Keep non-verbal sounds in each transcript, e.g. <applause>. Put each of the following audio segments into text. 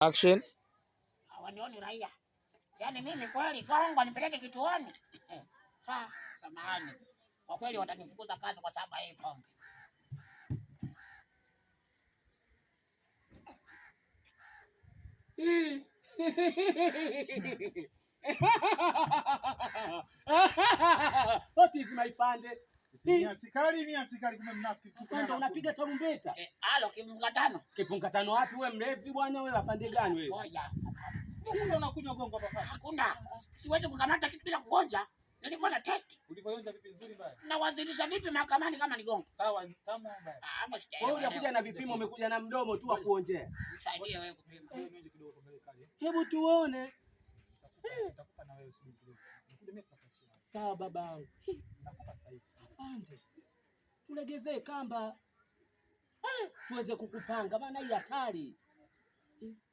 Action. Hawanioni raia. Yaani mimi kweli Kongo nipeleke kituoni. Eh, ha, samahani. Kwa kweli watanifukuza kazi kwa sababu hii pombe. <laughs> What is my fund? Unapiga tarumbeta eh, kipunga tano, kipunga tano wapi? Wewe bwana, wewe afande gani wewe? Unakunywa gongo hapa? Hakuna, siwezi kukamata kitu bila kugonja. Nilikuwa na test. Ulivyoonja vipi nzuri Na wazilisha vipi mahakamani kama ni gongo? Sawa, tamu Ah, Wewe unakuja na vipimo, umekuja na mdomo tu wa kuonjea. Nisaidie wewe kupima. Hebu tuone. Sawa babangu, afande, tulegezee kamba eh, tuweze kukupanga, maana hii hatari.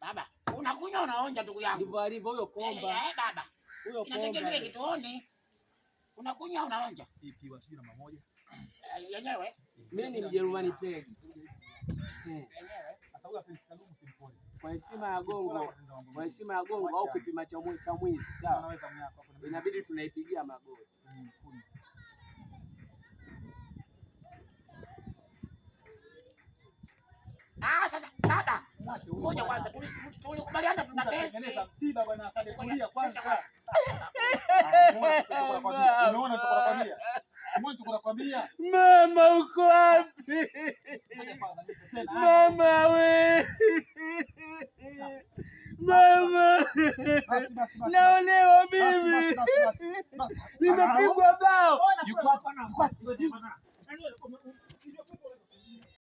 Baba unakunywa unaonja, ndugu yangu, ndivyo alivyo huyo komba. Eh, eh, baba huyo komba kituoni, unakunywa unaonja. ipi na yenyewe. Mimi ni Mjerumani pegi yenyewe, pesa ndugu kwa heshima ya Gongo, kwa heshima ya Gongo au kipima cha mwizi sawa, inabidi tunaipigia magoti ah, sasa. baba, ngoja kwanza, tulikubaliana tuna test msiba bwana, akalia kwanza. mama, uko wapi mama we Mama, naonewa mimi, nimepigwa bao